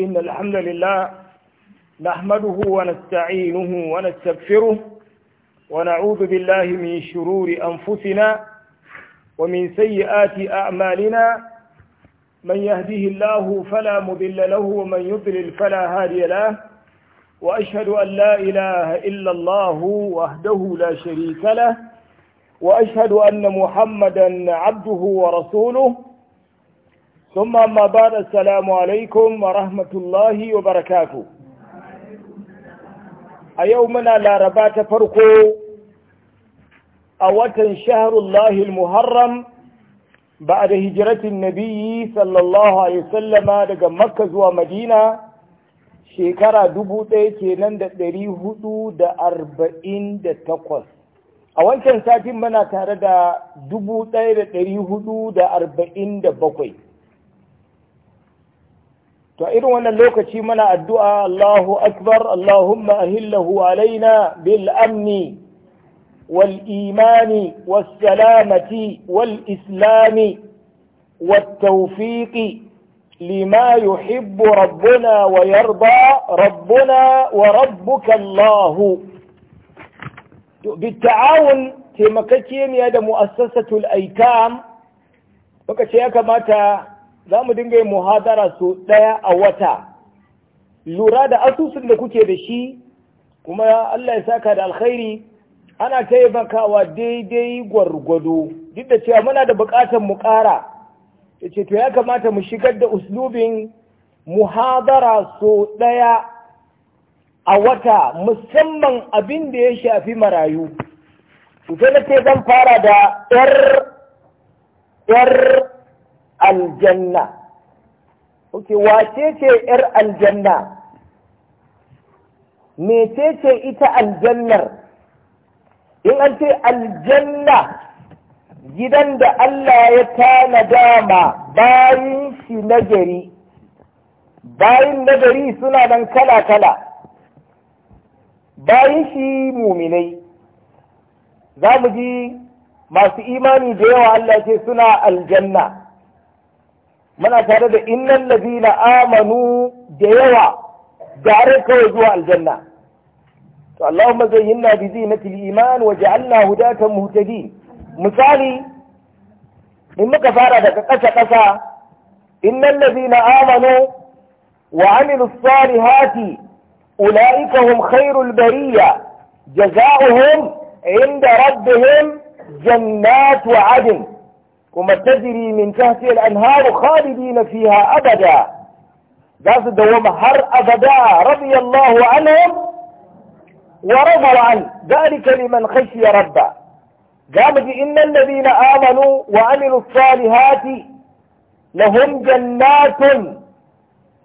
إن الحمد لله نحمده ونستعينه ونستغفره ونعوذ بالله من شرور أنفسنا ومن سيئات أعمالنا من يهديه الله فلا مضل له ومن يضلل فلا هادي له وأشهد أن لا إله إلا الله وحده لا شريك له وأشهد أن محمدا عبده ورسوله ثم أما بعد السلام عليكم ورحمة الله وبركاته أيومنا لا ربات فرقو أوة شهر الله المحرم بعد هجرة النبي صلى الله عليه وسلم لقى مكة ومدينة shekara dubu ɗaya kenan da ɗari hudu da arba'in da takwas a wancan satin muna tare da dubu ɗaya da ɗari hudu da arba'in da bakwai to irin wannan lokaci muna addu'a Allahu akbar Allahumma ahillahu alaina bil amni wal imani was salamati wal islami wat tawfiqi لما يحب ربنا ويرضى ربنا وربك الله بالتعاون تمكتين يد مؤسسة الأيتام وكتيك متى za mu dinga yin muhadara su ɗaya a wata lura da asusun da kuke da shi kuma Allah ya saka da alkhairi ana taimakawa daidai gwargwado duk da cewa muna da buƙatar mu ƙara ya ce to ya kamata mu shigar da uslubin muhadara so ɗaya a wata musamman abin da ya shafi marayu. Ita na ce zan fara da ‘yar aljanna ok wace ce ‘yar aljanna mece ce ita aljannar in an ce aljanna gidan da Allah ya tanada ma bayin shi nagari bayin nagari suna nan kala-kala bayin shi muminai za mu ji masu imani da yawa Allah ce suna aljanna muna tare da innan lazina amanu da yawa tare kawai zuwa aljanna to Allahumma zayyinna bi zinatil iman wa ja'alna hudatan muhtadin misali in muka fara daga ƙasa ƙasa innal ladina amanu wa amilus salihati ulaika hum khairul bariya jazaohum inda rabbihim jannatu adn kuma tajiri min tahtiha al-anharu khalidina fiha abada za su dawama har abada radiyallahu anhum wa radu an dhalika liman khashiya rabba قامت إن الذين آمنوا وعملوا الصالحات لهم جنات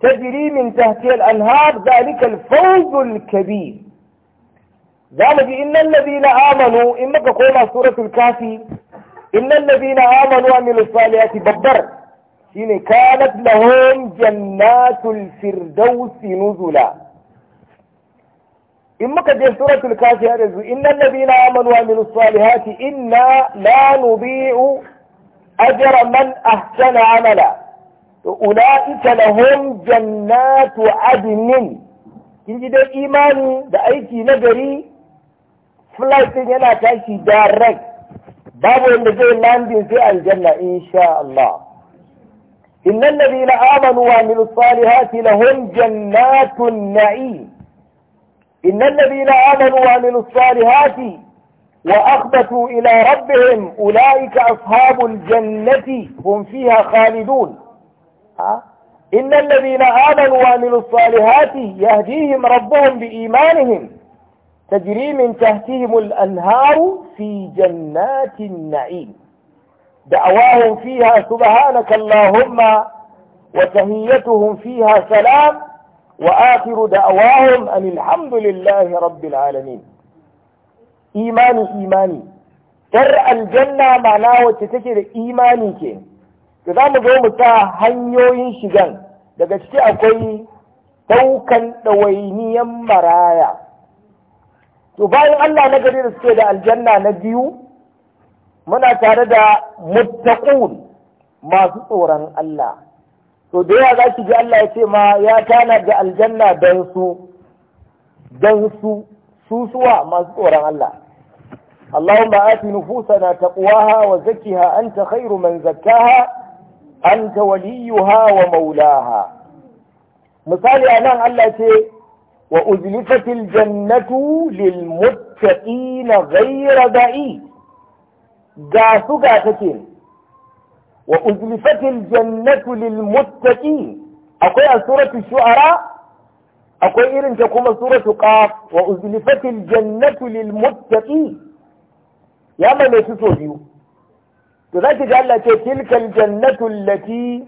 تجري من تحتها الأنهار ذلك الفوز الكبير قامت إن الذين آمنوا إنك قولها سورة الكافي innal na amanu wa amilus salihati babbar shine kanat lahum jannatul firdausi nuzula in muka je suratul kafi har yanzu innal na amanu wa amilus salihati inna la nudhi'u ajra man ahsana amala to ulaika lahum jannatu adnin kin ji dai imani da aiki na gari flight yana tashi direct babu wanda zai landin الجنه aljanna insha Allah إن الذين آمنوا وعملوا الصالحات لهم جنات النعيم إن الذين آمنوا وعملوا الصالحات وأخبتوا إلى ربهم أولئك أصحاب الجنة هم فيها خالدون ها؟ إن الذين آمنوا وعملوا الصالحات يهديهم ربهم بإيمانهم تجري من تحتهم الأنهار في جنات النعيم دعواهم فيها سبحانك اللهم وتهيتهم فيها سلام وآخر دعواهم أن الحمد لله رب العالمين إيماني إيماني ترى الجنة معناه وتتكر إيماني كين كذا مدعو تا هنيوين شغان daga ciki akwai daukan ɗawainiyan maraya to bayan Allah na gari da suke da aljanna na biyu muna tare da muttaqun masu tsoron Allah to da yawa za ki ji Allah ya ce ma ya tana da aljanna don su don su su suwa masu tsoron Allah اللهم آت نفوسنا تقواها وزكها أنت خير من زكاها أنت maulaha. Misali مثالي أنا Allah ce وأزلفت الجنة للمتقين غير بعيد جاسو جاستين وأزلفت الجنة للمتقين أقول سورة الشعراء أقول إيرن تقوم سورة قاف وأزلفت الجنة للمتقين يا من يتسوى فذلك قال لك تلك الجنة التي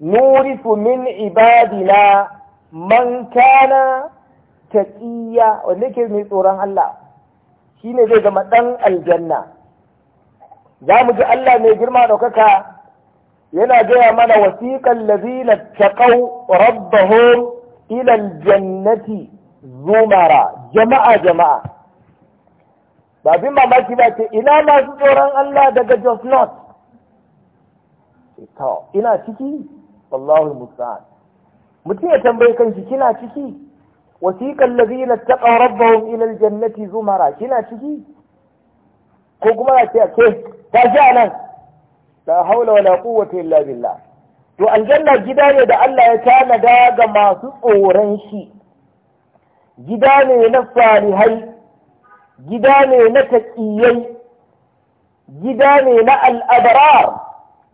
نورث من عبادنا من كان taƙiya wanda yake mai tsoron Allah shine zai zama ɗan aljanna za mu ji Allah mai girma ɗaukaka yana gaya mana wasiƙan lazina taƙau rabbahum ila aljannati zumara jama'a jama'a ba bin mamaki ba ce ina masu tsoron Allah daga Jos North ina ciki wallahi musta'an mutum ya tambaye kanshi kina ciki وسيق الذين اتقوا ربهم إلى الجنة زمرا شنا تجي كوكما كيف تجعنا لا حول ولا قوة إلا بالله to aljanna gida ne da Allah ya tanada ga masu tsoron shi gida ne na salihai gida ne na taƙiyai gida ne na al'abarar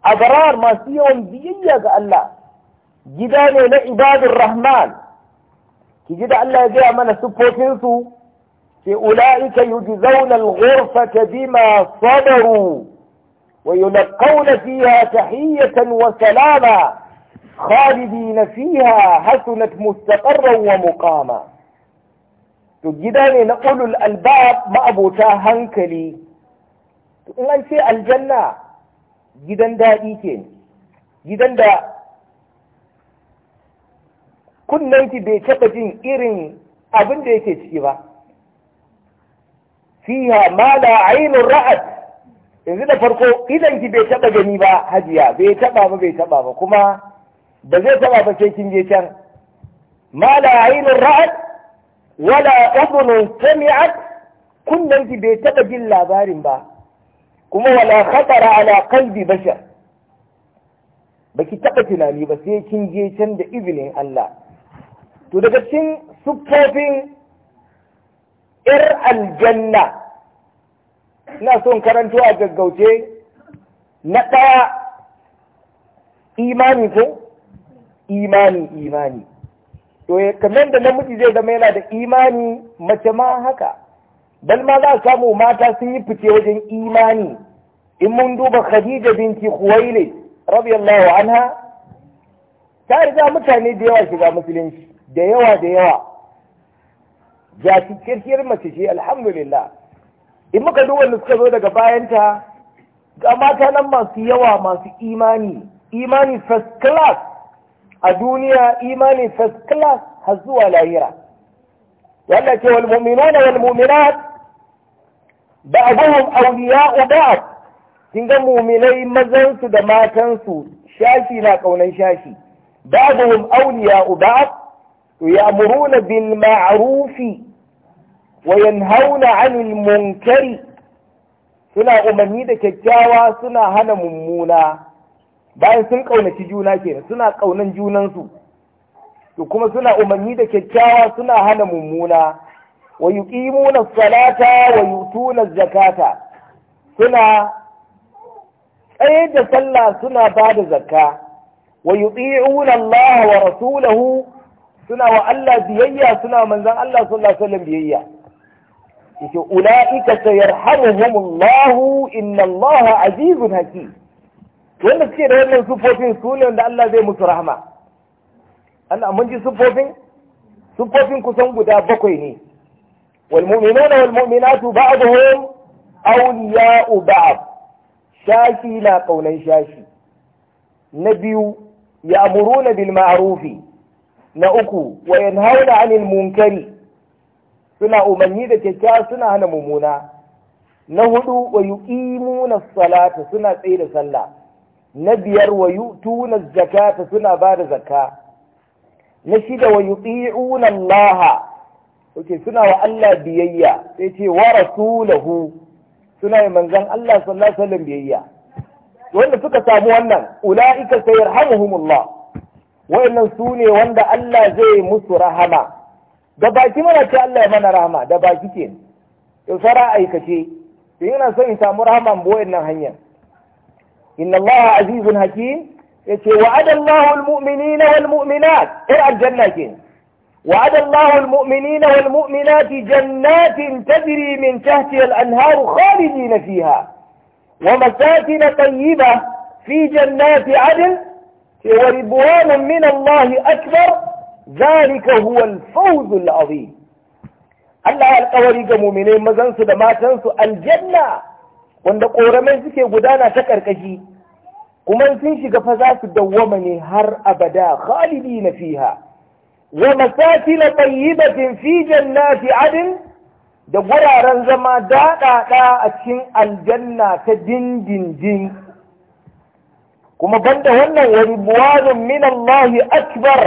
abarar masu yawan biyayya ga Allah gida ne na ibadun rahman kiji da Allah ya gaya mana siffofinsu sai ula'ika yujzauna al-ghurfata bima sabaru wa yulqawna fiha tahiyatan wa salama khalidina fiha hasunat mustaqarran wa muqama to gida ne na ulul albab ma'abota hankali in an ce aljanna gidan daɗi ke gidan da kunnanki bai taɓa jin irin abin da yake ciki ba fiha ma la ainun ra'at yanzu da farko idan ki bai taɓa gani ba hajiya bai taɓa ba bai taɓa ba kuma ba zai taɓa ba sai kin je can ma la ainun ra'at wala udhunun sami'at kunnanki bai taɓa jin labarin ba kuma wala khatara ala qalbi bashar baki taɓa tunani ba sai kin je can da izinin Allah to daga cikin siffofin ‘yar aljanna ina son karanto a gaggauce na ɗaya imani ko imani imani to kamar da namiji zai zama yana da imani mace ma haka bal ma za a samu mata sun yi fice wajen imani in mun duba khadija binti khuwailid radiyallahu anha ta riga mutane da yawa shiga musulunci da yawa da yawa ga cikakkiyar mace ce alhamdulillah in muka duk wanda suka zo daga bayanta ga mata nan masu yawa masu imani imani first class a duniya imani first class har zuwa lahira wanda ce wal mu'minuna wal mu'minat ba'dhum awliya'u ba'd kin ga mu'minai mazan su da matan su shashi na kaunan shashi ba'dhum awliya'u ba'd يأمرون بالمعروف وينهون عن المنكر suna umarni da kyakkyawa suna hana mummuna bayan sun ƙaunaci juna kenan suna ƙaunan junansu to kuma suna umarni da kyakkyawa suna hana mummuna wa yuqimuna salata wa yutuna zakata suna tsaye da sallah suna ba da zakka wa yuti'una Allah wa rasulahu suna wa Allah biyayya suna manzan Allah sallallahu alaihi wasallam biyayya yace ulaika sayarhamuhumullahu inna Allah azizun hakim wanda suke da wannan sufofin su ne wanda Allah zai musu rahama Allah mun ji sufofin sufofin kusan guda bakwai ne wal mu'minuna wal mu'minatu ba'dhum awliya'u ba'd shashi na kaunan shashi na biyu ya'muruna bil ma'rufi na uku wa hauna anil munkari suna umarni da kyakkyawa suna hana mummuna na hudu wa yuqimuna salata suna tsaye da sallah na biyar wa yutuna zakata suna ba da zakka na shida wa yuti'una Allah okay suna wa Allah biyayya sai ce wa rasulahu suna yi manzon Allah sallallahu alaihi biyayya wanda suka samu wannan ulaika sayarhamuhumullah wa'annan su ne wanda Allah zai musu rahama da baki mana ce Allah ya mana rahama da baki ke in fara aikace in yana son in samu rahama bo wa'annan hanyar inna Allah azizun hakim yace wa'ada Allahu almu'minina walmu'minat mu'minat ir aljanna ke wa'ada Allahu almu'minina wal mu'minati jannatin tajri min tahtiha al-anharu khalidina fiha ومساكن طيبة في جنات عدن ورضوان من الله أكبر ذلك هو الفوز العظيم Allah Alƙawari ga muminai mazansu da matansu aljanna wanda ƙoramai suke gudana ta ƙarƙashi kuma sun shiga fa su dawwama ne har abada khalidi na fiha wa masakin tayyibatin fi adin da guraren zama daɗaɗa a cikin aljanna ta dindindin kuma banda wannan wa ribwanun min Allah akbar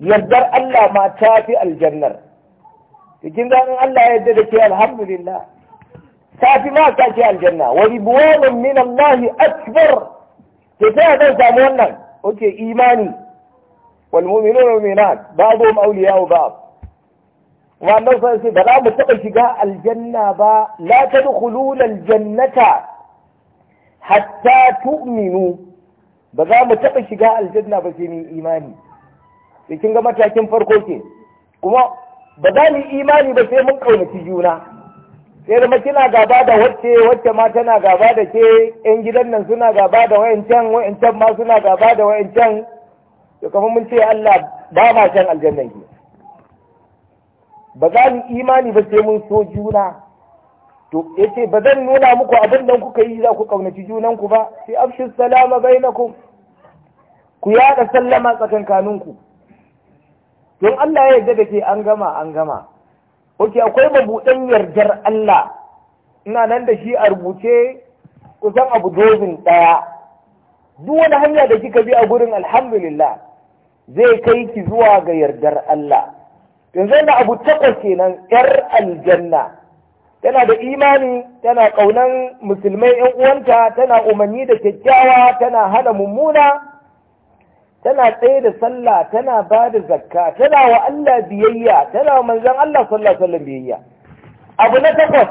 yardar Allah ma ta fi aljannar cikin zanen Allah ya yadda da ke alhamdulillah ta fi ma ta fi aljanna wa ribwanun min Allah akbar ke ta zan samu wannan oke imani wal mu'minuna wal mu'minat ba'dhum awliya'u ba'd wa annabi sai ba za mu taɓa shiga aljanna ba la tadkhuluna aljannata hatta tu'minu ba za mu taɓa shiga aljanna ba sai mun imani sai kin ga matakin farko ke kuma ba za mu imani ba sai mun kaunaci juna sai da kina gaba da wacce wacce ma tana gaba da ke yan gidan nan suna gaba da wayancan wayancan ma suna gaba da wayancan to kafin mun ce Allah ba ma can aljannan ki ba za mu imani ba sai mun so juna to yace ba zan nuna muku abin da kuka yi za ku kaunaci junanku ba sai afshin salama bainakum ku yaɗa sallama ku don Allah ya yarda da ke an gama an gama oke akwai mabuɗan yardar Allah ina nan da shi a rubuce kusan abu dozin daya duk wani hanya da kika bi a gurin alhamdulillah zai kai ki zuwa ga yardar Allah yanzu da abu takwas kenan yar aljanna tana da imani tana ƙaunan musulmai yan uwanta tana umarni da kyakkyawa tana hana mummuna tana tsaye da sallah tana ba da zakka tana wa Allah biyayya tana wa manzon Allah sallah biyayya abu na takwas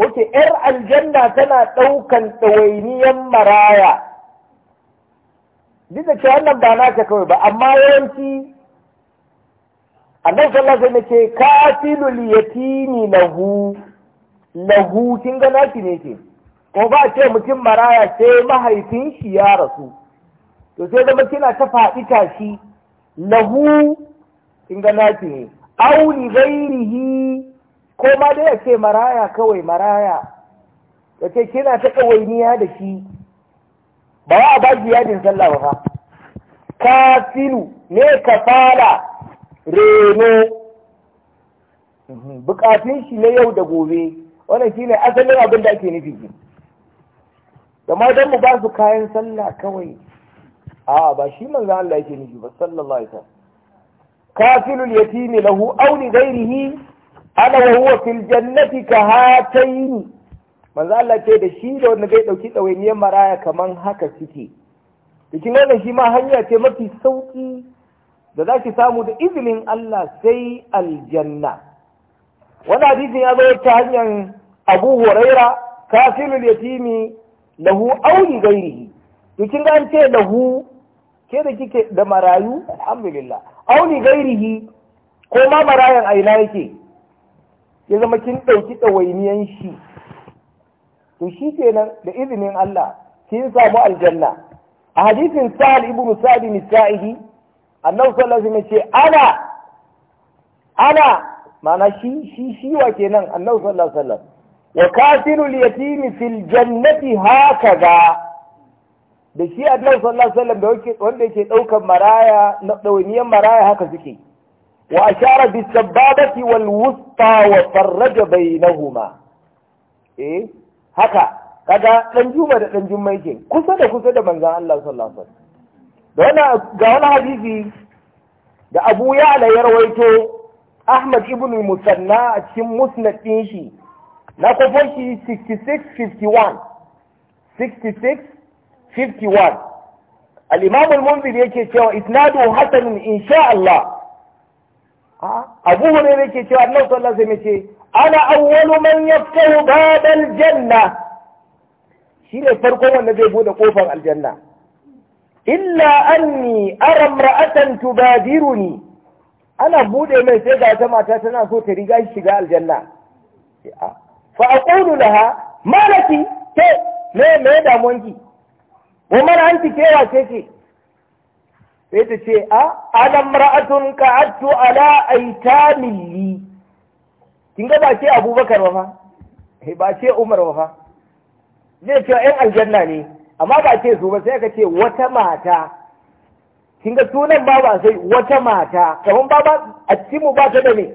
oke yar aljanna tana ɗaukan ɗawainiyan maraya duk da cewa wannan ba kawai ba amma yawanci annabi sallallahu alaihi wasallam ce katilul yatimi lahu lahu kin ga naki ne ke ko ba ce mutum maraya sai mahaifin shi ya rasu to sai zama kina ta faɗi tashi lahu kin ga naki ne au li ghairihi ko ma dai ce maraya kawai maraya ce kina ta kawainiya da shi ba wa ba yadin sallah ba fa kafilu ne ka fara. reno mhm. bukatun shi na yau da gobe wannan shine asalin abin da ake nufi amma don mu ba su kayan sallah kawai a ba shi manzo Allah yake nufi ba sallallahu alaihi wasallam kafilul yatim lahu aw li ghayrihi ala wa huwa fil jannati ka hatayn manzo Allah ce da shi da wanda zai dauki dawainiyar maraya kaman haka suke cikin wannan shi ma hanya ce mafi sauki da za ki samu da izinin Allah sai aljanna wani hadisin ya zo ta hanyar abu huraira kafilul yatimi lahu auli gairihi kin ga ce lahu ke da kike da marayu alhamdulillah auli gairihi ko ma marayan aina yake ya zama kin ɗauki ɗawainiyan shi to shi kenan da izinin Allah kin samu aljanna a hadisin sa'al ibnu sa'id annabi sallallahu alaihi wasallam ce ana ana ma'ana shi shi shi wa kenan annabi sallallahu alaihi wasallam wa katilul yatimi fil jannati hakaza da shi annabi sallallahu alaihi wasallam da yake wanda yake daukar maraya na dawaniyar maraya haka suke wa ashara bi sababati wal wusta wa farraja bainahuma eh haka kaga dan juma da dan jummai ke kusa da kusa da manzon Allah sallallahu alaihi wasallam ga wani hadisi da abu ya ya waito ahmad ibn musanna a cikin musnad ɗin shi na kofar shi 6651 66-51, imam al-munzir yake cewa isnadu hasanun insha Allah abu hurairah yake cewa Allah sallallahu alaihi wasallam ce ana awwalu man yaftahu babal janna shi ne farkon wanda zai bude kofar aljanna illa anni ara imra'atan tubadiruni ana bude mai sai ga ta mata tana so ta riga shiga aljanna fa aqulu laha malaki ke me me damuwanki wa mara anti kewa ce ke sai ta ce a ana imra'atun ka'attu ala li. kin ga ba ce abubakar ba fa eh, ba ce umar ba fa zai ce yan aljanna ne amma ba ce su ba sai ka ce wata mata kin ga sunan ba ba sai wata mata kamar ba ba a cikin mu ba ta da ne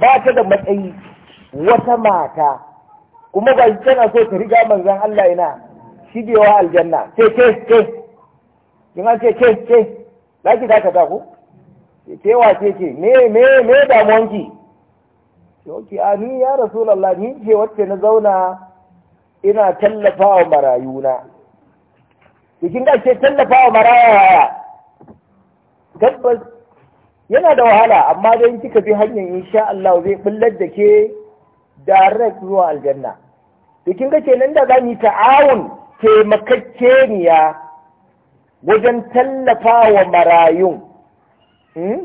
ba ta da matsayi wata mata kuma ba tana so ta riga manzan Allah yana shigewa aljanna ce ce ce kin an ce ce ce za ki ka ta ku ce wa ce ce me me me damuwanki ki a ni ya rasu ni ce wacce na zauna ina tallafawa marayuna cikin da ke tallafawa maraya tabbas yana da wahala amma dai kika bi hanyar insha Allah zai bullar da ke direct zuwa aljanna cikin ga kenan da za mu yi ta'awun wajen tallafawa marayun hmm?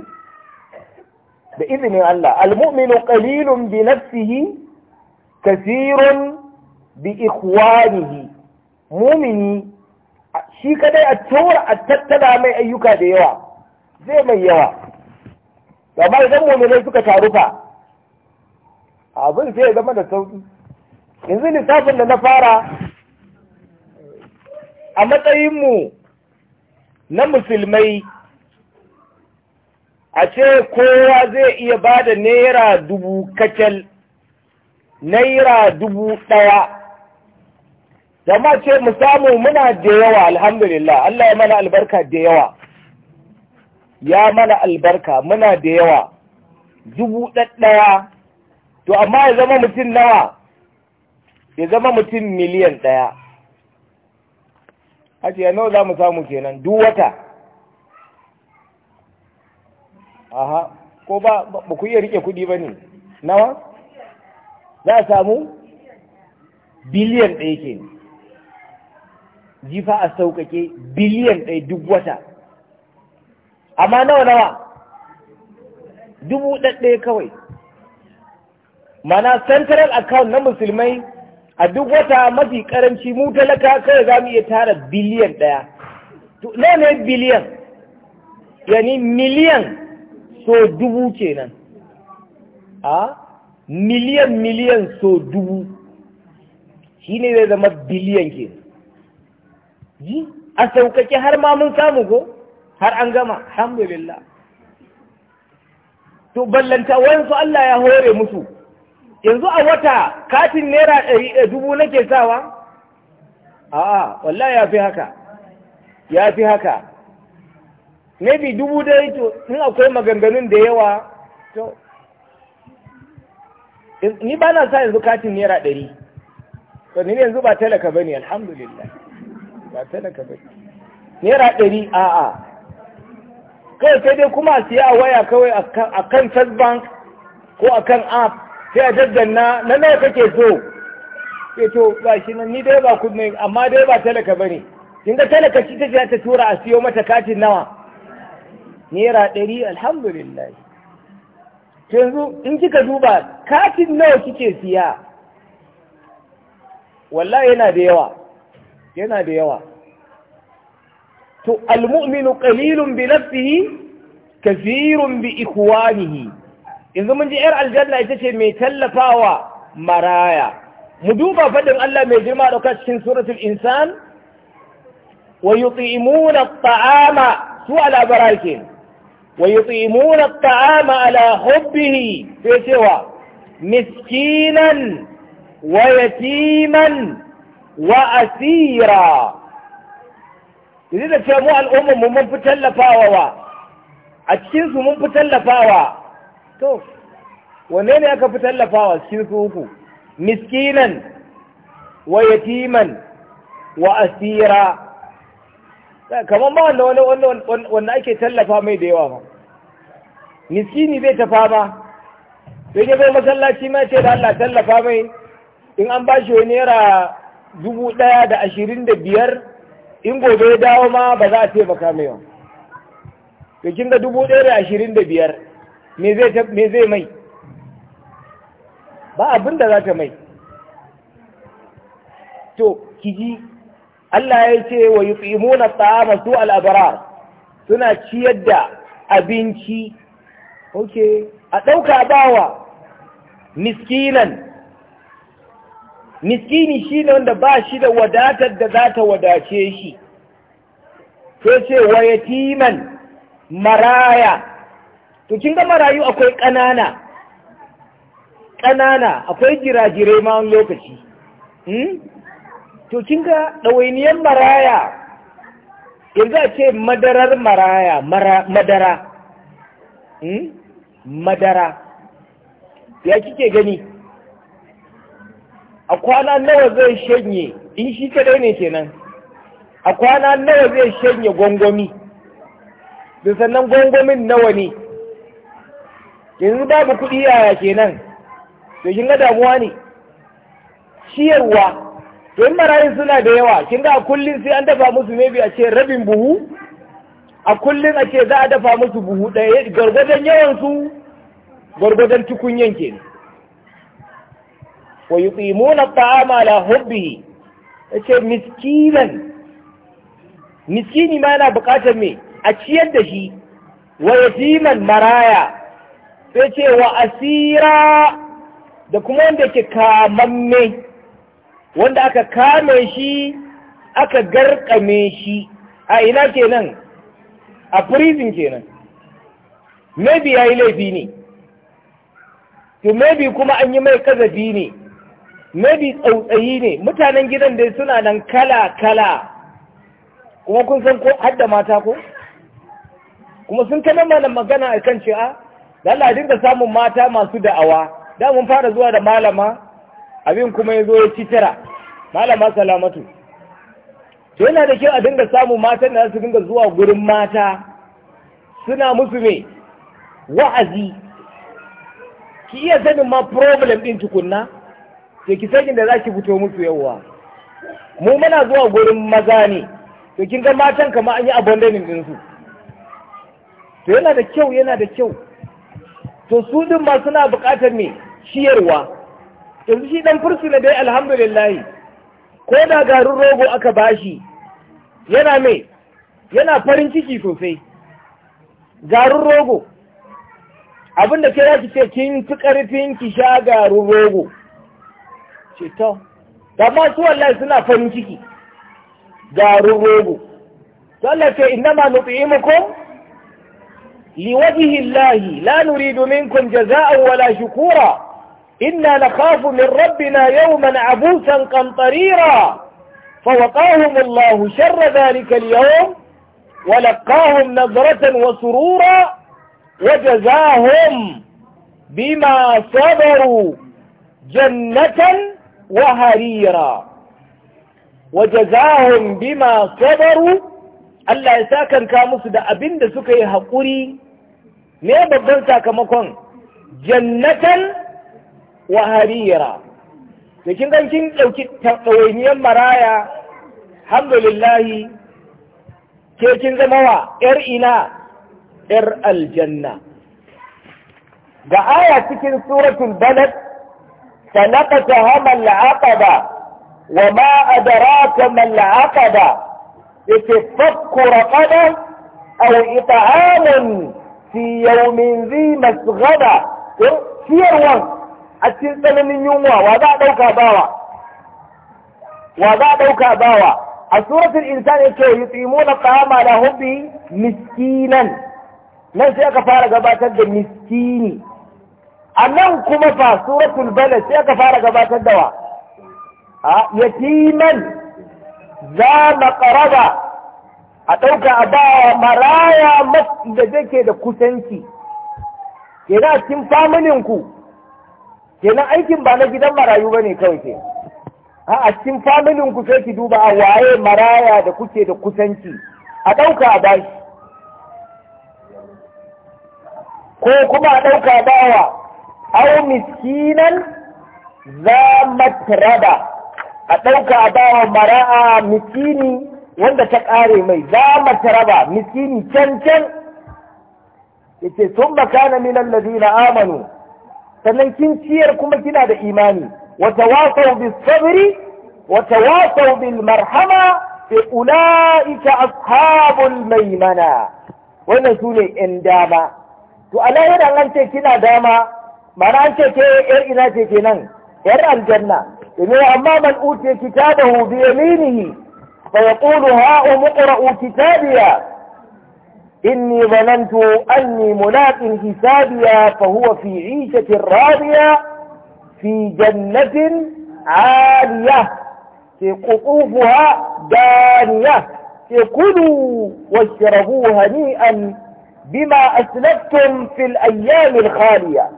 da izinin Allah almu'minu qalilun bi nafsihi kathirun bi ikhwanihi mumini shi kadai a tura a tattara mai ayyuka da yawa zai mai yawa amma idan muminai suka taru fa abin sai ya zama da sauki yanzu lissafin da na fara a matsayinmu na musulmai a ce kowa zai iya ba da naira dubu kacal naira dubu ɗaya Zama ce mu samu muna da yawa alhamdulillah Allah ya mana albarka da yawa ya mana albarka muna da yawa dubu ɗaɗɗaya to amma ya zama mutum nawa ya zama mutum miliyan ɗaya a yano nawa za mu samu kenan duk wata aha ko ba ba ku iya rike kuɗi ba ne nawa za a samu biliyan ɗaya kenan jifa a sauƙaƙe biliyan ɗaya duk wata amma nawa nawa dubu ɗaɗɗaya kawai mana central account na musulmai a duk wata mafi ƙaranci mu talaka kawai za mu iya tara biliyan ɗaya nawa ne biliyan yani miliyan so dubu kenan a miliyan miliyan so dubu shi ne zai zama biliyan kenan ji a sauƙaƙe har ma mun samu ko? har an gama alhamdulillah to ballanta wayansu Allah ya hore musu yanzu a wata katin naira ɗari eh, dubu nake sawa a'a wallahi ya fi haka ya fi haka maybe dubu dai to in akwai maganganun da yawa to ni ba na sa yanzu katin naira ɗari to ni yanzu ba talaka ba ne alhamdulillah ba talaka ba naira ɗari a'a kawai sai dai kuma a siya a waya kawai a kan first bank ko a kan app sai a daddanna na nawa kake so ke to ba shi nan ni dai ba kudin amma dai ba talaka ba ne kin ga talaka shi ta ta tura a siyo mata katin nawa naira ɗari alhamdulillah yanzu in kika duba katin nawa kike siya wallahi yana da yawa yana da yawa to almu'minu qalilun bi nafsihi kathirun bi ikhwanihi yanzu mun ji yar aljanna ita ce mai tallafawa maraya mu duba fadin Allah mai girma dauka cikin suratul insan wa yut'imuna at-ta'ama su ala barakin wa yut'imuna at-ta'ama ala hubbihi sai cewa miskinan wa yatiman wa asira yanzu da ce mu al'ummar mu mun fi tallafawa wa a cikin su mun fi tallafawa to wanne ne aka fi tallafawa cikin su uku miskinan wa yatiman wa asira kamar ba wanda wanda wanda ake tallafa mai da yawa ba miskini zai tafa ba sai ya bai masallaci ma ce da Allah tallafa mai in an ba shi wani yara. dubu ɗaya da ashirin da biyar in gobe ya dawo ma ba za a taimaka mai yawan to da dubu ɗaya da ashirin da biyar me zai mai ba abin da za ta mai to kiji Allah ya ce wa yi ta'ama su al suna ciyar da abinci ok a ɗauka bawa miskinan miskini shi ne wanda ba shi da wadatar da za ta wadace shi sai ce wa yatiman maraya to kin ga marayu akwai ƙanana ƙanana akwai jirajire ma wani lokaci hmm? to kin ga ɗawainiyar maraya yanzu a ce madarar maraya madara hmm? madara ya kike gani a kwana nawa zai shanye in shi kadai ne kenan a kwana nawa zai shanye gwangwami da sannan gwangwamin nawa ne yanzu babu kuɗi yaya kenan to kin ga damuwa ne ciyarwa to in barayin suna da yawa kin ga a kullum sai an dafa musu maybe a ce rabin buhu a kullum a ce za a dafa musu buhu ɗaya yawan su gwargwadon tukunyan kenan wa yuqimuna ta'ama ala hubbihi yace miskinan miskini ma yana buƙatar me a ciyar da shi wa yatiman maraya sai ce wa asira da kuma wanda ke kamamme wanda aka kame shi aka garkame shi a ina kenan a prison kenan maybe ya yi laifi ne to maybe kuma an yi mai kazafi ne nabi tsautsayi ne mutanen gidan dai suna nan kala-kala kuma kun san ko hadda mata ko kuma sun ta mana magana a kan ce da Allah dinga samun mata masu da'awa da mun fara zuwa da malama abin kuma ya zo ya ci tara malama salamatu to yana da kyau a dinga samun matan da su dinga zuwa gurin mata suna musu mai wa'azi ki iya sanin ma problem din tukunna to ki sakin da za ki fito musu yauwa. mu muna zuwa gurin maza ne to kin ga matan kamar an yi abandonin din su to yana da kyau yana da kyau to su din ma suna buƙatar me shiyarwa yanzu shi dan fursuna dai alhamdulillah ko da garin rogo aka bashi yana me yana farin ciki sosai garin rogo abinda za ki ce kin fi karfin ki sha garin rogo ce to amma su wallahi suna farin ciki garin rogo to Allah ce innama nuti'imukum liwajhi Allah la nuridu minkum jazaa'an wala shukura inna nakhafu min rabbina yawman abusan qamtarira فوقاهم الله شر ذلك اليوم ولقاهم نظرة وسرورا وجزاهم بما صبروا جنة za وجزاهم بما صبروا Allah ya sakanka musu da abin da suka yi haƙuri ne babban sakamakon jannatan wa harira da kin gan kin ɗauki ɗawainiyar maraya alhamdulillahi ke kin zama wa ‘yar ina ‘yar aljanna ga aya cikin suratul balad فنقص هم العقبة وما أدراك ما العقبة اتفك رقبة أو إطعام في يوم ذي مسغبة إيه؟ في أرواح أتين من يوم وضع دوك أباوة وضع دوك أباوة السورة الإنسان يقول يطعمون الطعام على حبه مسكينا من سيقف على قباتك مسكيني a nan kuma fa suratul balad sai aka fara gabatar da wa a yatiman za maqraba a ɗauka a ba maraya da yake da kusanci kina cikin familin ku kina aikin ba na gidan marayu bane kawai ke a cikin familin ku sai ki duba a waye maraya da kuke da kusanci a ɗauka a bashi ko kuma a ɗauka bawa au miskinan za matraba a ɗauka a bawa mara'a miskini wanda ta ƙare mai za matraba miskini can can yace sun makana minan na amanu sannan kin ciyar kuma kina da imani wata wasau bis sabri wata wasau bil marhama fi ulaika ashabul maimana wannan su ne 'yan dama to a lahiran an ce kina dama معنى أنت كي إناتي كنان يرى الجنة إنه أما من أوتي كتابه بيمينه فيقول ها أم اقرأوا كتابيا إني ظننت أني ملاك حسابيا فهو في عيشة راضية في جنة عالية في قطوفها دانية كلوا واشربوا هنيئا بما أسلفتم في الأيام الخالية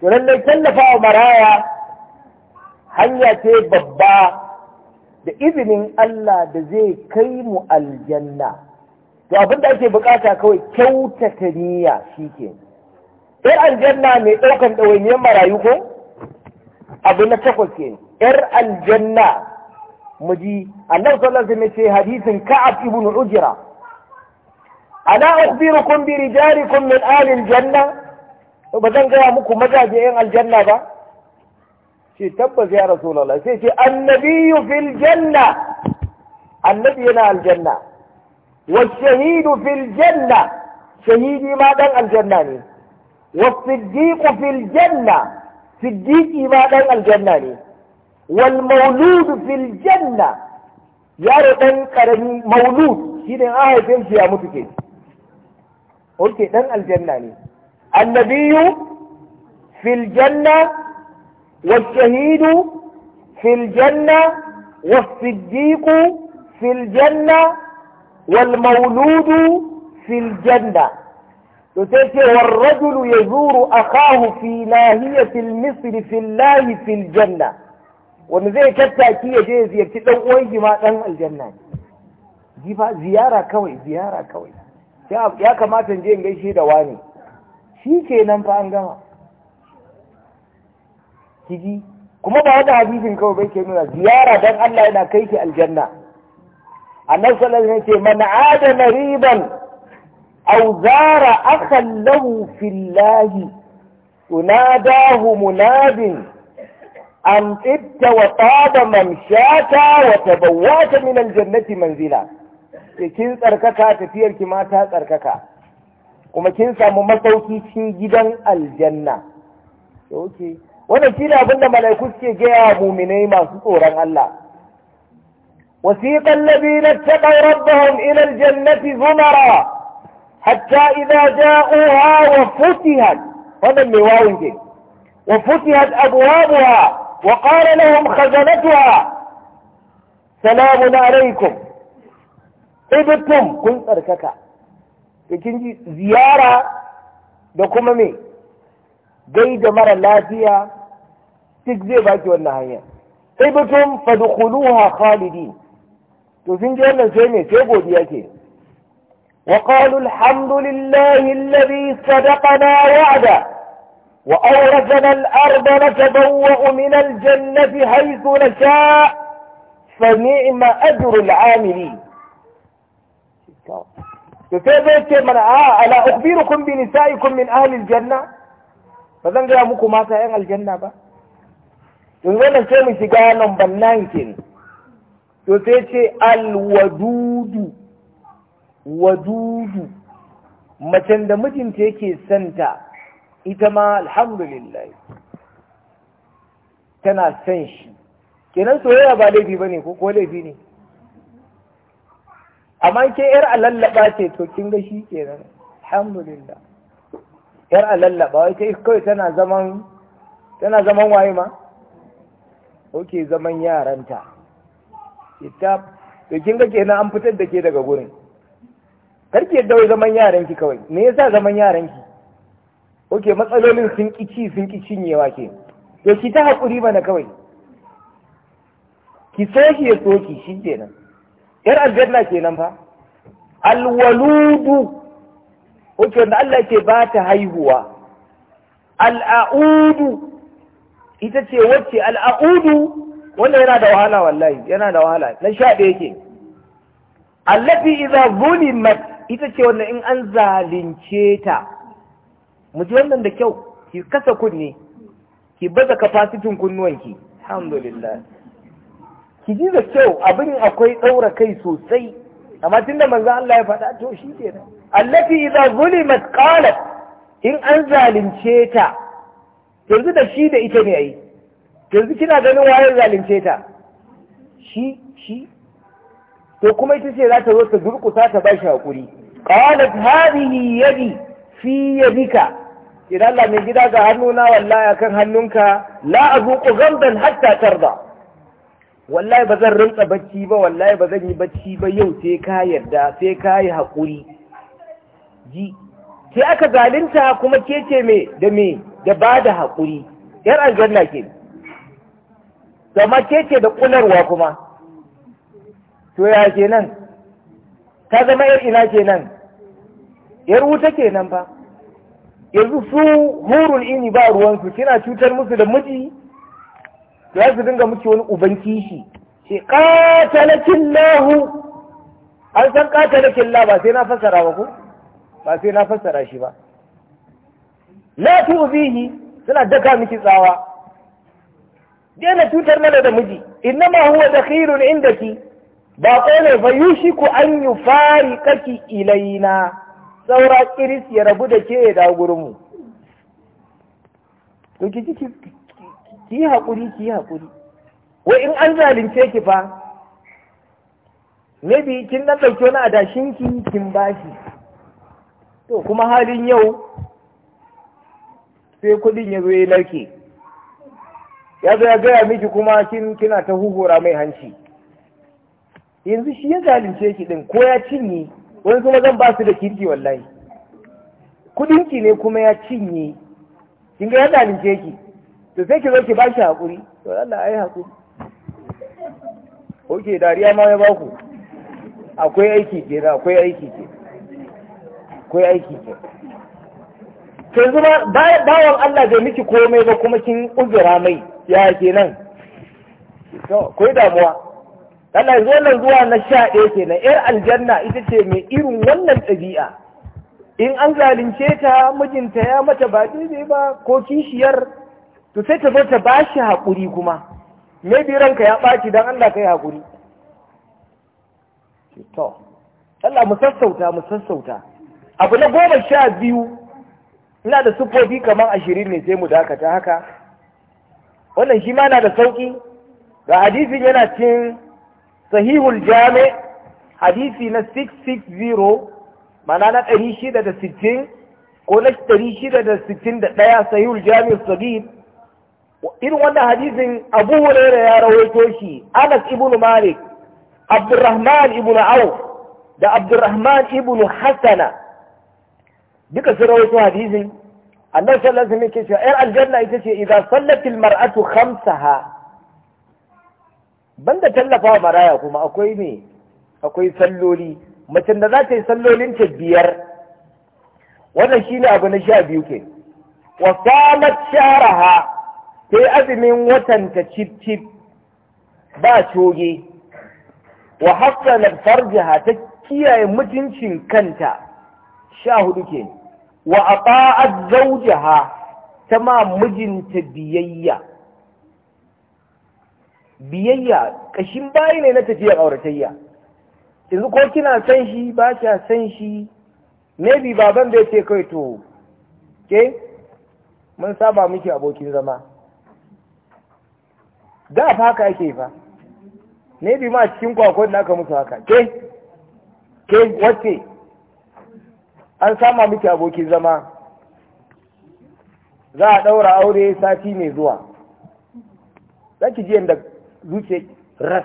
Tunan mai tallafa wa maraya hanya ce babba da izinin Allah da zai kai mu aljanna to abin da ake bukata kawai kyautata niyya ke. yar aljanna mai ɗaukan ɗawainiyar marayu ko abu na takwas ke yar aljanna mu ji annabi sallallahu alaihi ce hadisin ka'ab ibn ujra ana biri jari rijalikum min alin aljanna ba zan gaya muku mazaje yan aljanna ba ce tabbas ya rasulallah. sai ce annabiyu fil janna annabi yana aljanna wa shahidu fil janna shahidi ma dan aljanna ne wa siddiqu fil janna siddiqi ma dan aljanna ne wal mauludu fil janna yaro dan karami maulud shi ne a shi ya mutu ke okay dan aljanna ne النبي في الجنة والشهيد في الجنة والصديق في الجنة والمولود في الجنة تتكي والرجل يزور أخاه في ناهية المصر في الله في الجنة ونزيه كالتأكية جيز يكتلو ويجي ما تنم الجنة جيبها زيارة كوي زيارة كوي يا كما je in gaishe واني shi ke nan fa an gama kiji kuma ba wata hadisin kawai bai ke nuna ziyara don Allah yana kai ki aljanna A sallallahu alaihi wasallam ce man adana riban aw zara akhan lahu fillahi tunadahu munadin an tibta wa taba man shata wa tabawata min aljannati manzila kin tsarkaka tafiyar ki ma ta tsarkaka kuma kin samu masauki cikin gidan aljanna okay wannan shine abin da malaiku suke gaya wa muminai masu tsoron Allah wasiqa alladhina taqaw rabbahum ila aljannati zumara hatta idza ja'uha wa futihat wannan mai wawun ke wa futihat abwabuha wa qala lahum khazanatuha salamun alaikum ibtum kun tsarkaka to kin ji ziyara da kuma me gaida mara lafiya duk zai baki wannan hanya ibtum fadkhuluha khalidin to sun ji wannan sai ne sai godiya ke وقالوا الحمد لله الذي صدقنا وعده وأورثنا الأرض نتبوأ من الجنة حيث نشاء فنعم أجر العاملين to sai zai ce mana a ah, ala kun bi kun min ahli aljanna ba zan gaya muku mata yan aljanna ba to wannan sai mu shiga number 9 to sai ce alwadudu wadudu macen da mijinta yake santa ita ma alhamdulillah tana san shi kenan soyayya ba laifi bane ko ko laifi ne amma ke yar alallaba ce to kin ga shi kenan alhamdulillah yar alallaba wai kai kai tana zaman tana zaman waye ma oke zaman yaranta ita to kin ga kenan an fitar da ke daga gurin karki yadda wai zaman yaranki kawai me yasa zaman yaranki oke matsalolin sun kici sun ki cinyewa ke to ki ta hakuri mana kawai ki so shi ya soki shi kenan yar aljanna kenan fa alwaludu wato da Allah ke ba ta haihuwa al'audu ita ce wacce al'audu wanda yana da wahala wallahi yana da wahala na sha ɗaya yake allafi idza zulimat ita ce wanda in an zalunce ta mu ji wannan da kyau ki kasa kunne ki baza kafasitin kunnuwanki alhamdulillah ki ji da kyau abin akwai ɗaura kai sosai amma tunda manzo Allah ya faɗa to shi nan allati idza zulimat qalat in an zalunce ta yanzu da shi da ita ne ai yanzu kina ganin wayan zalunce ta shi shi to kuma ita ce za ta zo ta durkusa ta bashi hakuri qalat hadhihi yadi fi yadika idan Allah mai gida ga hannuna wallahi akan hannunka la azuqu ghamdan hatta tarda wallahi ba zan rinka bacci ba wallahi ba zan yi bacci ba yau sai ka yarda sai ka yi haƙuri ji sai aka zalunta kuma ke ce me da me da ba da haƙuri yar aljanna ke zama ke ce da ƙunarwa kuma to ya ke nan ta zama yar ina ke nan yar wuta ke nan ba. yanzu su hurul ini ba ruwansu kina cutar musu da miji za su dinga muke wani uban kishi ce katalakin lahu an san katalakin la ba sai na fassara ba ko ba sai na fassara shi ba la bihi suna daka miki tsawa Dena tutar mana da miji Inna ma huwa dakhirun indaki ba kone fa yushiku an kaki ilaina saura kiris ya rabu da ke da gurumu mu to ki ki yi haƙuri ki yi haƙuri wai in an zalunce ki fa maybe kin dan dauke wani adashin ki kin bashi to kuma halin yau sai kuɗin ya zo ya narke ya zo ya gaya miki kuma kin kina ta hugura mai hanci yanzu shi ya zalunce ki din ko ya cinye wani kuma zan ba su da kirki wallahi kuɗinki ne kuma ya cinye kin ga ya zalunce ki to sai ki zo ki bashi hakuri to Allah ai hakuri oke dariya ma ya baku akwai aiki ke da akwai aiki ke akwai aiki ke yanzu zuma bawan Allah bai miki komai ba kuma kin uzura mai ya kenan to kai damuwa Allah yanzu wannan zuwa na sha ɗaya kenan yar aljanna ita ce mai irin wannan ɗabi'a in an zalunce ta mijinta ya mata ba ne ba ko kishiyar to sai ta zo ta ba shi haƙuri kuma maybe ranka ya ɓaci don Allah ka yi haƙuri to Allah mu sassauta mu sassauta abu na goma sha biyu ina da sufofi kamar ashirin ne sai mu dakata haka wannan shi ma na da sauƙi ga hadisin yana cin sahihul jami hadisi na 660 mana na 660 ko na 661 sahihul jami sagir irin wannan hadisin Abu Hurairah ya rawaito shi Anas ibn Malik Abdurrahman ibn Auf da Abdurrahman ibn Hassana duka sun rawaito hadisin annabi sallallahu alaihi wasallam yake cewa aljanna ita ce idza sallatil mar'atu khamsaha banda tallafa maraya kuma akwai me akwai salloli mace da za ta yi sallolin ta biyar wannan shine abu na sha biyu ke wa samat sharaha sai azumin watanta cip cip ba coge wa hassana farjaha ta kiyaye mutuncin kanta sha hudu ke wa ata'at zawjaha ta ma mijinta biyayya biyayya ƙashin bayi ne na tafiya auratayya yanzu ko kina san shi ba kya san shi maybe baban bai ce kai to ke mun saba miki abokin zama da fa haka ake fa ne bi ma cikin kwakwai da aka musu haka ke ke wacce an sama miki abokin zama za a ɗaura aure sati mai zuwa za ki ji yadda zuce ras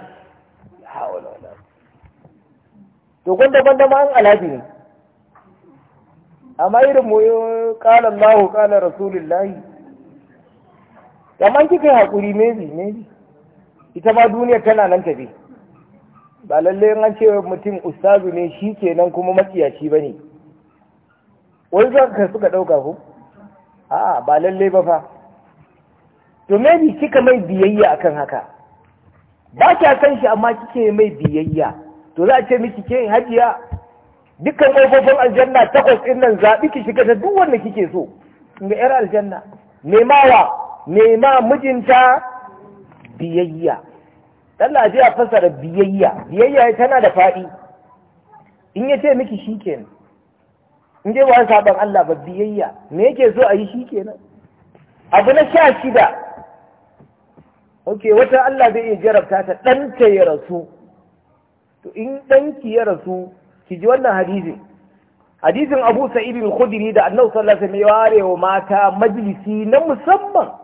to gwanda-gwanda ma an alabi ne amma irin mu ƙalan lahu ƙalan rasulullahi amma kika hakuri haƙuri mezi mezi ita ma duniya tana nan tafi ba lalle an ce mutum ustazu ne shi kenan kuma matsiyaci ba ne wani ka suka ɗauka ku a'a ba lalle ba fa to maybe kika mai biyayya akan haka ba kya san shi amma kike mai biyayya to za a ce miki ke hajiya dukkan ƙofofin aljanna takwas ɗin nan zaɓi ki shiga ta duk wanda kike so ga 'yar aljanna nemawa nema mijinta biyayya Allah ji a fasara biyayya biyayya tana da faɗi in ya ce miki shi in dai ba saban Allah ba biyayya me yake so a yi shi kenan abu na sha shida wata Allah zai iya jarabta ta ɗanta ya rasu to in ɗanki ya rasu ki ji wannan hadisi hadisin Abu Sa'id al-Khudri da Annabi sallallahu alaihi sallam ya ware wa mata majalisi na musamman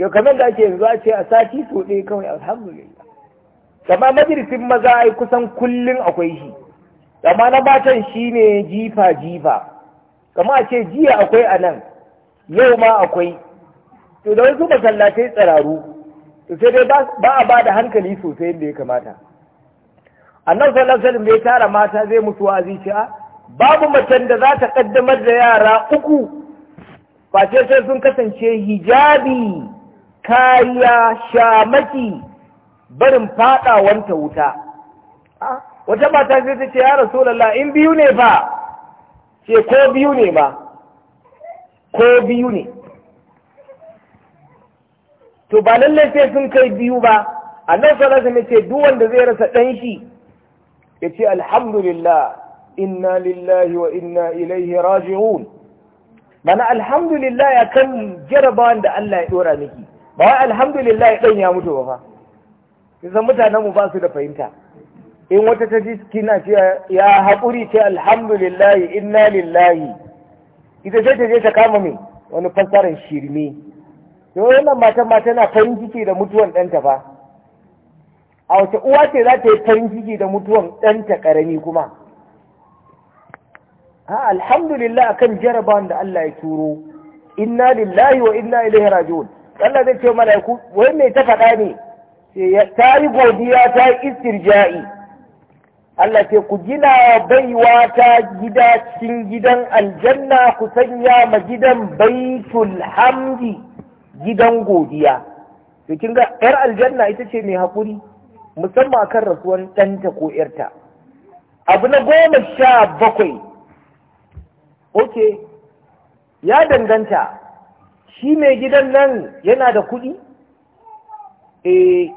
yau kamar da ake yanzu a ce a sati so ɗaya kawai alhamdulillah gama majalisin maza ai kusan kullum akwai shi gama na matan shi ne jifa jifa gama a ce jiya akwai a nan yau ma akwai to da wasu masallatai tsararu to sai dai ba a ba da hankali sosai yadda ya kamata annabi sallallahu alaihi ya tara mata zai musu wa'azi ce a ah, babu macen da za ta kaddamar da yara uku face sai sun kasance hijabi kariya shamaki barin fada wanta wuta wata mata sai ta ce ya rasulullah in biyu ne fa ce ko biyu ne ba ko biyu ne to ba lallai sai sun kai biyu ba annabi sallallahu alaihi wasallam ce duk wanda zai rasa dan shi yace alhamdulillah inna lillahi wa inna ilaihi raji'un mana alhamdulillah ya kan jarabawan da Allah ya dora miki ba wai alhamdulillah ɗan ya mutu ba fa kisan mutanen mu ba su da fahimta in wata ta ji kina ce ya haƙuri ce alhamdulillah inna lillahi ita sai ta je ta kama mai wani fassarar shirme to wannan matan ma tana farin ciki da mutuwan ɗanta fa a wace uwa ce za ta yi farin ciki da mutuwan ɗanta ƙarami kuma ha alhamdulillah akan jarabawan da Allah ya turo inna lillahi wa inna ilaihi raji'un Allah zai ce mala'iku wai me ta faɗa ne ta yi godiya ta yi istirja'i Allah ce ku gina wa baiwa ta gida cikin gidan aljanna ku sanya ma gidan baitul hamdi gidan godiya to kin ga yar aljanna ita ce mai hakuri musamman akan rasuwar ɗanta ko yarta abu na goma sha bakwai ok ya danganta shi mai gidan nan yana da kuɗi? eh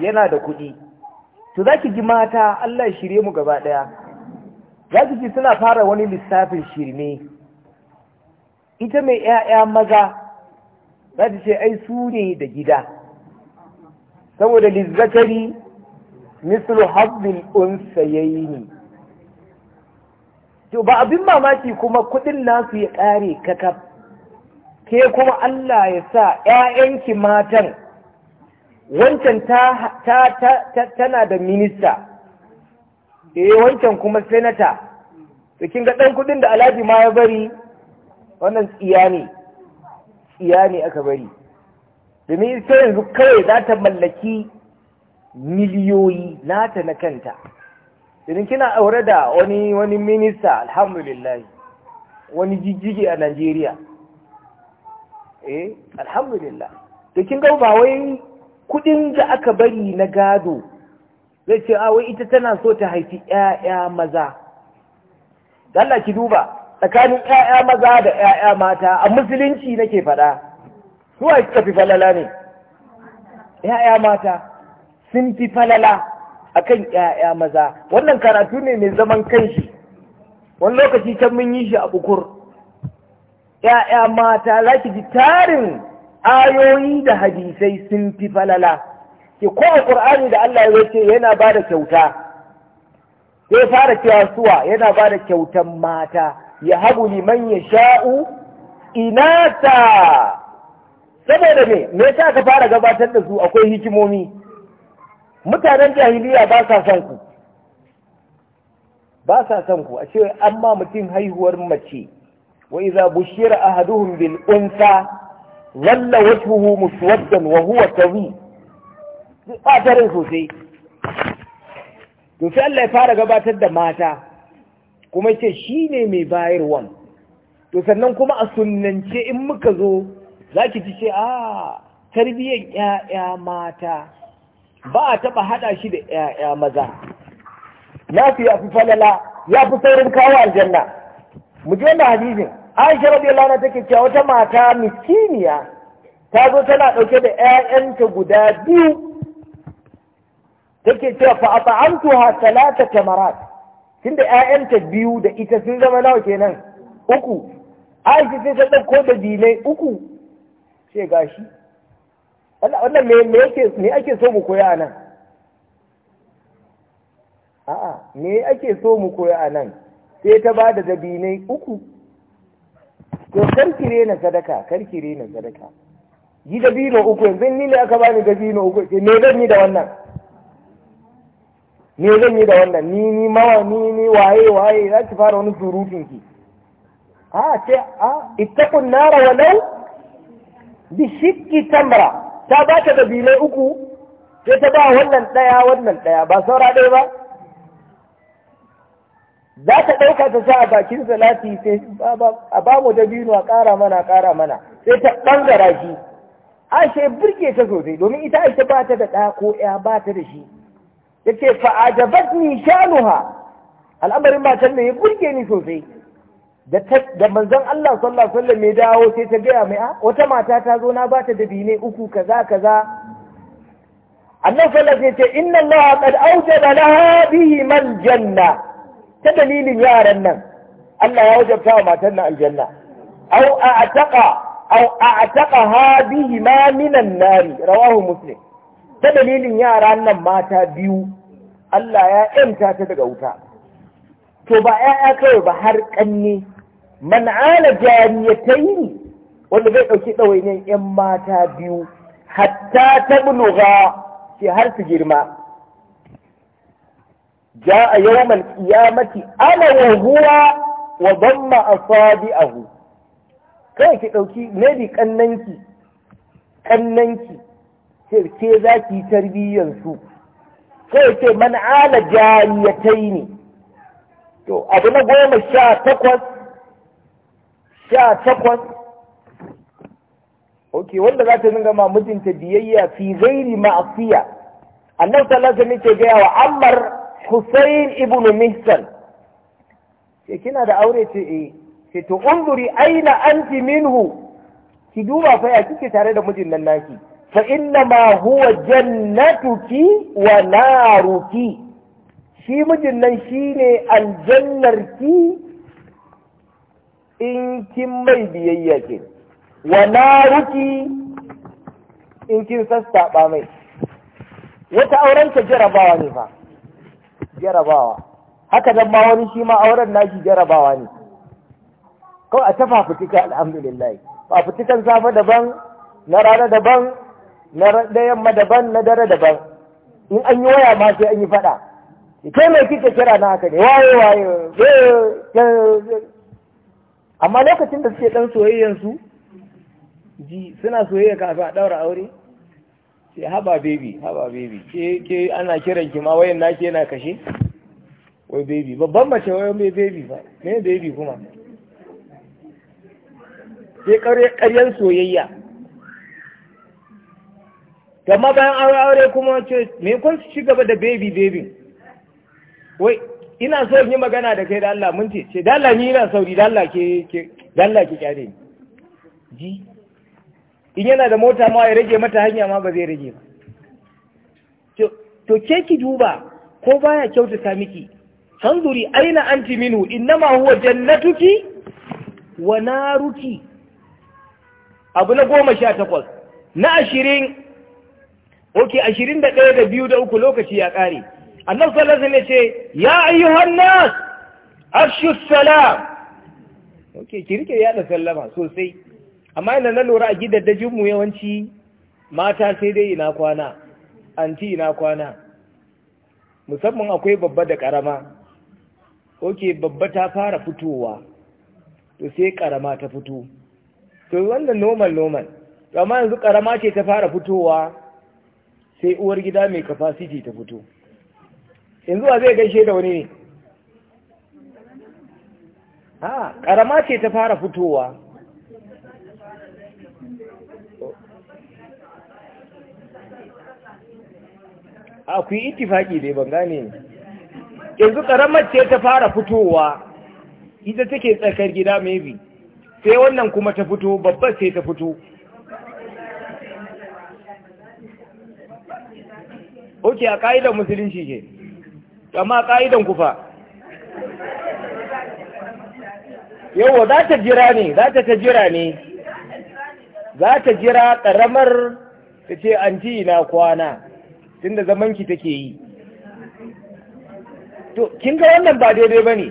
yana da kuɗi to za ki ji mata Allah shirye mu gaba ɗaya za ki ji suna fara wani lissafin shirme ita mai 'ya'ya maza za ta ce ai su ne da gida saboda lizzakari mislu hazzil unsayaini to ba abin mamaki kuma kuɗin nasu ya ƙare kakaf ke kuma Allah ya sa ‘ya'yanki matan wancan tana da minista e wancan kuma senata Da kin ga ɗan kuɗin da alhaji ma ya bari wannan tsiya ne aka bari da minista yanzu kawai za ta mallaki miliyoyi nata na kanta domin kina aure da wani wani minista alhamdulillah wani jijjigi a Najeriya eh alhamdulillah to kin ga ba wai kudin da aka bari na gado zai ce a ah, wai ita tana so ta haifi ƴaƴa maza Allah ki duba tsakanin ƴaƴa maza da ƴaƴa mata a musulunci nake faɗa su a suka fi falala ne ƴaƴa mata sun fi falala akan ƴaƴa maza wannan karatu ne mai zaman kanshi wani lokaci can mun yi shi a bukur ‘ya'ya mata za ki ji tarin ayoyi da hadisai sun fi falala, ki kowa ƙur'ani da Allah ya ce yana ba da kyauta, ya fara cewa suwa yana ba da kyautan mata, ya habu liman ya sha'u inata. Saboda me, me sa ka fara gabatar da su akwai hikimomi, mutanen jahiliya ba sa son ku, ba sa son ku, a ce an ma mutum haihuwar mace. وإذا بشر أحدهم بالأنثى ظل وجهه مسودا وهو كظيم ƙatarin sosai to Allah ya fara gabatar da mata kuma ce shi ne mai bayarwan to sannan kuma a sunance in muka zo za ki ci ce a tarbiyyar 'ya'ya mata ba a taɓa haɗa shi da 'ya'ya maza na fi ya fi falala ya fi saurin kawo aljanna mu je na hadisin Aisha radiyallahu anha take cewa wata mata miskiniya ta zo tana ɗauke da ‘ya'yanta guda biyu take cewa fa ha talata tamarat tunda ‘ya'yanta biyu da ita sun zama nawa kenan uku Aisha sai ta ɗauko da dinai uku sai gashi wannan me me yake me ake so mu koya anan a'a me ake so mu koya anan sai ta bada dabinai uku to karki rena sadaka karki rena sadaka yi dabino uku yanzu ni ne aka bani dabino uku me zan yi da wannan me zan yi da wannan ni ni mawa ni ni waye waye za ki fara wani surutun ki a ce a ittaqun nara walau bi shikki tamra ta ba ta dabinai uku sai ta ba wannan daya wannan daya ba saura dai ba za ta ɗauka ta sa a bakin salati sai a ba mu binu a ƙara mana ƙara mana sai ta ɓangara shi aisha burge ta sosai domin ita aisha ba ta da ɗa ko ya ba ta da shi ya ce fa'ajabat ni shanuha al'amarin matan ne ya burge ni sosai da manzon Allah sallallahu alaihi ya dawo sai ta gaya mai wata mata ta zo na bata da bine uku kaza kaza annabi sallallahu alaihi ya ce inna Allah qad awjada laha bihi mal janna ta dalilin yaran nan Allah ya wajabta wa matan nan aljanna au a'taqa au a'taqaha bihima minan rawahu muslim ta dalilin yaran nan mata biyu Allah ya yanta ta daga wuta to ba ya'ya kawai ba har kanne man ala jariyatayn wanda zai dauki dawainiyan yan mata biyu hatta tabluga shi har su girma جاء يوم القيامة أنا وهو وضم أصابعه kai ki ɗauki maybe ƙannanki ƙannanki ke za ki yi tarbiyyansu kai ce man ala jariyatai ne to abu na goma sha takwas sha takwas ok wanda za ta dinga ma mutunta biyayya fi gairi ma'asiya annabi sallallahu alaihi wasallam ce gaya wa Ammar Hussain ibn Mihsan Ke kina da aure ce eh ke to unzuri aina anti minhu ki duba fa ya kike tare da mijin nan naki fa inna ma huwa jannatuki wa naruki shi mijin nan shine aljannarki in kin mai biyayya ke wa naruki in kin ba mai wata auren ka jarabawa ne fa jarabawa haka dan ma wani shi ma auren nashi jarabawa ne kawai a tafa fitika alhamdulillah ba safe daban na rana daban na yamma daban na dare daban in an yi waya ma sai an yi fada kai mai kike kira na haka ne waye waye eh, eh, eh. amma lokacin da suke dan soyayyan su ji suna soyayya kafin a daura aure ce eh, haba baby haba baby ke ke ana kiran ki ma wayan naki yana kashe wai baby babban mace wayan mai baby ba me baby kuma sai karyan soyayya amma bayan aure aure kuma ce me kun ci gaba da baby baby wai ina so yi magana da kai da Allah mun ce ce da Allah ni ina sauri da Allah ke ke da Allah ke kyale ni ji in yana da mota ma ya rage mata hanya ma ba zai rage ba to ke ki duba ko baya kyautata miki hanzuri aina anti minhu innama huwa jannatuki wa naruki abu na goma sha takwas na ashirin oke ashirin da ɗaya da biyu da uku lokaci ya ƙare annan Sallar ne ce ya ayi hannas ashir salam oke ki rike yaɗa sallama sosai amma ina na lura a gidaddajin mu yawanci mata sai dai ina kwana anti ina kwana musamman akwai babba da karama oke babba ta fara fitowa to sai karama ta fito to wannan normal normal amma yanzu karama ce ta fara fitowa sai uwar gida mai capacity ta fito yanzu wa zai gaishe da wani ne ha karama ce ta fara fitowa a ku yi ittifaki dai ban gane yanzu karamar ce ta fara fitowa ita take tsakar gida maybe sai wannan kuma ta fito babbar sai ta fito Oke a ƙa'idan musulunci ke, amma ƙa'idan kufa. Yawwa za ta jira ne, za ta ta jira ne, za ta jira ƙaramar ta ce an ji na kwana. tunda zaman ki take yi to kin ga wannan ba daidai bane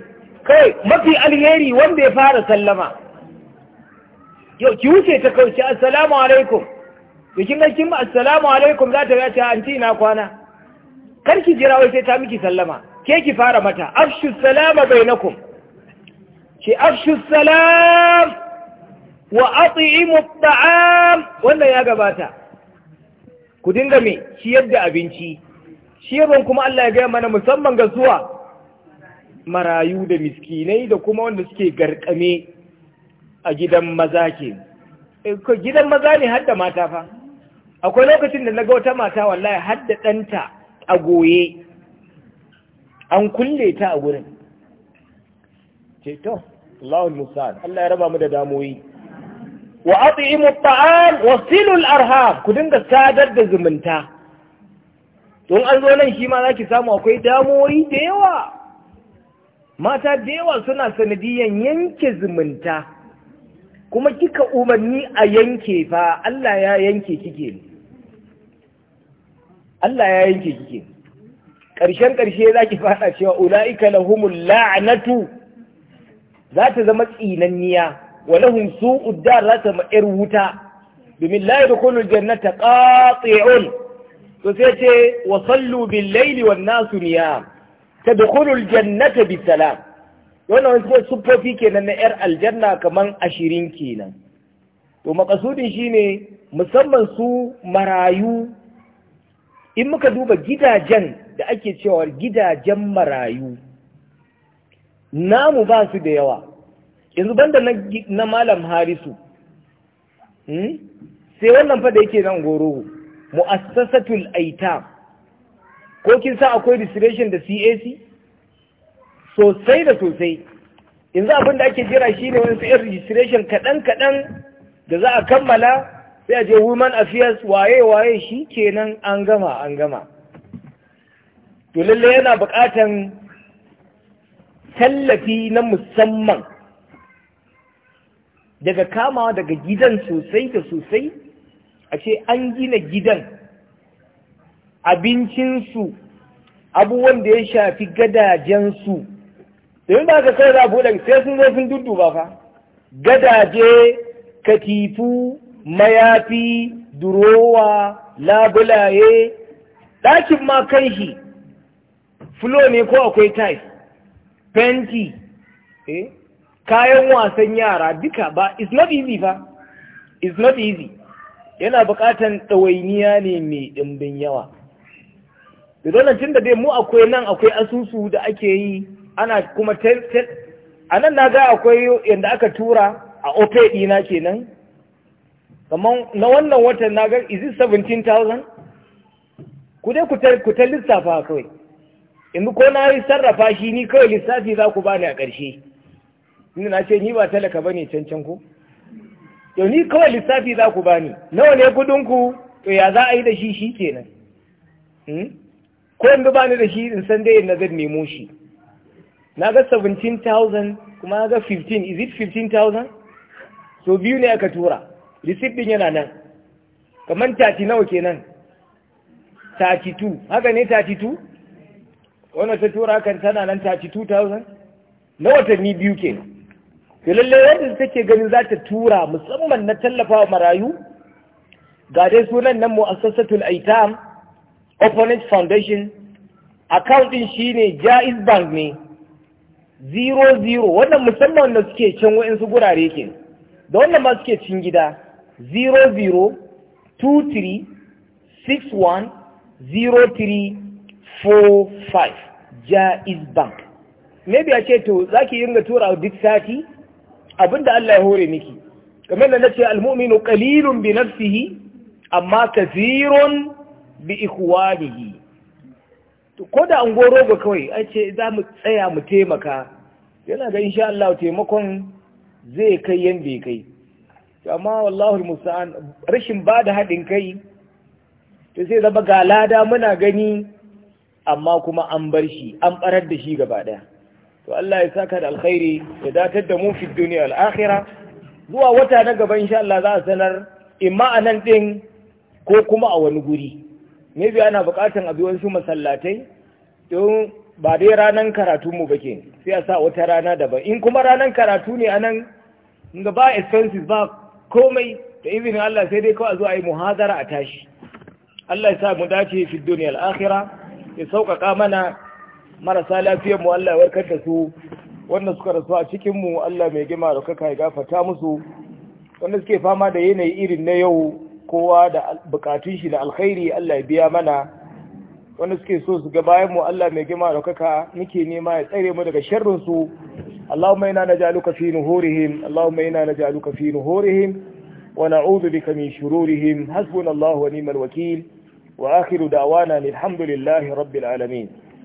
kai mafi alheri wanda ya fara sallama yau ki wuce ta kauce assalamu alaikum to kin ga kin assalamu alaikum za ta ga anti na kwana kar ki jira wai sai ta miki sallama ke ki fara mata afshu salama bainakum ki afshu salam wa at'imu at'am wannan ya gabata ku dinga me ciyar da abinci ciyarwan kuma Allah ya gaya mana musamman ga zuwa marayu da miskinai da kuma wanda suke garkame a gidan maza ke eh, gidan maza ne hadda mata fa akwai lokacin da na ga wata mata wallahi hadda ɗanta a goye an kulle ta a gurin ceto Allah ya raba mu da damoyi wa at'imu at'am wa silul arham ku dinga sadar da zumunta don an zo nan shi ma zaki samu akwai damuwoyi da yawa mata da yawa suna sanadiyan yanke zumunta kuma kika umarni a yanke fa Allah ya yanke kike Allah ya yanke kike ƙarshen ƙarshe zaki fada cewa ulaika lahumul la'natu za ta zama tsinanniya wa lahum su'ud dar za ta ma'ir wuta domin la yadkhulul jannata qati'un to sai ce wa sallu bil layli wan nasu niyam tadkhulul jannata bi salam wannan wasu sufofi kenan na yar aljanna kaman ashirin kenan to makasudin shine musamman su marayu in muka duba gidajen da ake cewa gidajen marayu namu ba su da yawa yanzu banda na malam harisu hmm? sai wannan fa yake nan goro mu'assasatul aita. ko kin sa akwai registration da CAC sosai da sosai yanzu abin da ake jira shine wani sai registration kaɗan-kaɗan da za a kammala sai a je women affairs waye waye shi kenan an gama an gama to lalle yana buƙatan tallafi na musamman daga kamawa daga gidan sosai da sosai a ce an gina gidan abincinsu abubuwan da ya shafi gadajensu domin ba ka kai za sai sun zo sun ba fa gadaje katifu mayafi durowa labulaye ɗakin ma kan shi fulo ne ko akwai tais fenti eh kayan wasan yara duka ba it's not easy fa it's not easy yana bukatan ɗawainiya ne mai ɗimbin yawa da dole tun da dai mu akwai nan akwai asusu da ake yi ana kuma a nan na ga akwai yadda aka tura a ope ɗina kenan kamar na wannan watan na ga is it 17,000 ku dai ku ta lissafa kawai inda ko na yi sarrafa shi ni kawai lissafi za ku bani a ƙarshe inda na ce ni ba talaka bane can can ku to ni kawai lissafi za ku bani nawa ne kudin ku to ya za a yi da shi shi kenan hmm? ko in ba ni da shi in san dai na zan nemo shi na ga 17,000 kuma na ga 15 is it 15,000 so biyu ne aka tura receipt din yana nan kamar 30 nawa kenan 32 haka ne 32 wannan ta tura kan tana nan 32,000 na watanni biyu kenan ke lalle yadda take ganin za ta tura musamman na tallafawa marayu ga dai sunan nan mu'assasatul aitam opponent foundation account din shine jaiz bank ne 00 wannan musamman wanda suke can su gurare ke da wannan ma suke cin gida 5 jaiz bank maybe a ce to za ki ringa tura duk sati Abin da Allah ya hore miki kamar da nace almu'minu qalilun bi nafsihi amma kathirun bi ikhwanihi to ko da an goro ga kawai ai ce za mu tsaya mu taimaka yana ga insha Allah taimakon zai kai yanda kai amma wallahi musa'an rashin bada hadin kai to sai zama ga lada muna gani amma kuma an bar shi an barar da shi gaba daya to Allah ya saka da alkhairi ya datar da mu fi duniya al'akhira zuwa wata na gaba insha Allah za a sanar imma a nan ɗin ko kuma a wani guri maybe ana bukatan a wasu masallatai don ba dai ranar karatu mu bake sai a sa wata rana daban in kuma ranar karatu ne anan ga ba expenses ba komai da izinin Allah sai dai kawai zuwa yi muhazara a tashi Allah ya sa mu dace fi duniya al'akhira ya sauƙaƙa mana marasa lafiyar mu Allah ya warkar da su wanda suka rasu a cikin mu Allah mai gima da kaka ya gafarta musu wanda suke fama da yanayi irin na yau kowa da bukatun shi da alkhairi Allah ya biya mana wanda suke so su ga bayan mu Allah mai gima da kaka muke nema ya tsare mu daga sharrin su اللهم naj'aluka fi nuhurihim Allahumma اللهم naj'aluka fi nuhurihim wa na'udhu bika min shururihim hasbunallahu wa ni'mal wakeel وآخر دعوانا الحمد لله رب العالمين